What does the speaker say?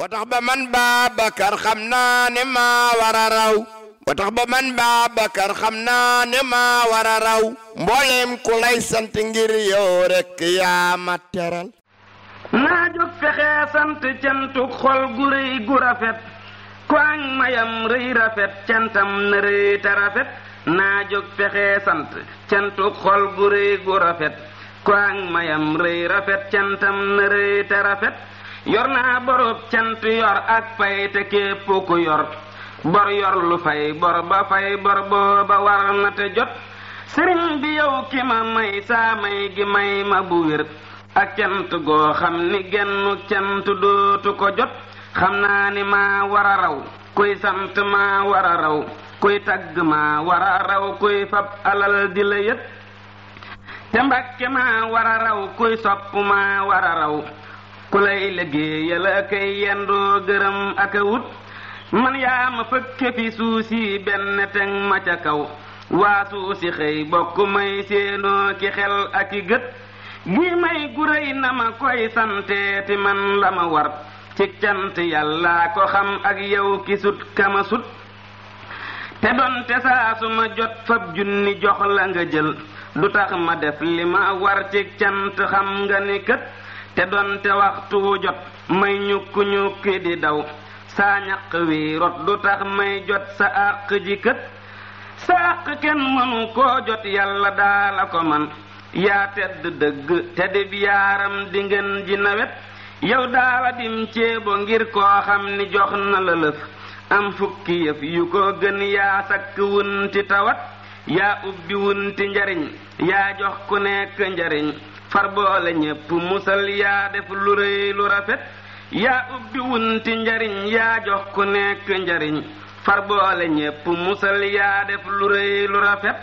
ba tax ba man Babacar xam naa ne ma war a raw ba tax ba man Babacar xam naa ne ma war a raw mbooleem ku lay sant ngir yow rek yaa ma naa jóg fexee sant cantuk xol gu rëy ko rafet ku ak mayam rëy rafet cantam na rëy te rafet naa jóg fexee sant cantuk xol gu rëy gu rafet ku mayam rëy rafet cantam na rëy te rafet yor naa borub cant yor ak fay te képp ku yor bor yor fay bor ba fay bor booba war na te jot sëriñ bi yow ki ma may saa may gi may ma bu wér ak cant goo xam ni gennu cant dootu ko jot xam naa ni ma war a raw kuy sant maa war a raw kuy tagg maa war a raw kuy fab alal di la yët te mbakke maa war a raw kuy sopp maa war a raw ku lay liggéeyal ak ay yendoo gërëm ak a wut man yaa ma fëkke fi suusi benn teg ma ca kaw waa suusi xëy bokk may séenoo ki xel ak i gët gi may guréy na ma koy santeeti man la ma war ci cant yàllaa ko xam ak yow ki sut kama sut te donte saa su ma jot fab junni jox la nga jël du tax ma def li ma war ci cant xam nga ni kët te donte waxtu wu jot may ñukku ñukki di daw saa ñaq wi rot du tax may jot sa àq ji kët sa àq kenn mënu koo jot yàlla daala ko man yaa tedd dëgg te dib yaaram di ngeen ji nawet yow daala dim ceebo ngir koo xam ni jox na la lëf am fukki yëf yu ko gën yaa sakk wunti tawat yaa ubbi wunti njariñ yaa jox ku nekk njariñ far boole ñépp musal yaa def lu rëy lu rafet yaa ubbi wunti njariñ yaa jox ku nekk njariñ far boole ñépp musal yaa def lu rëy lu rafet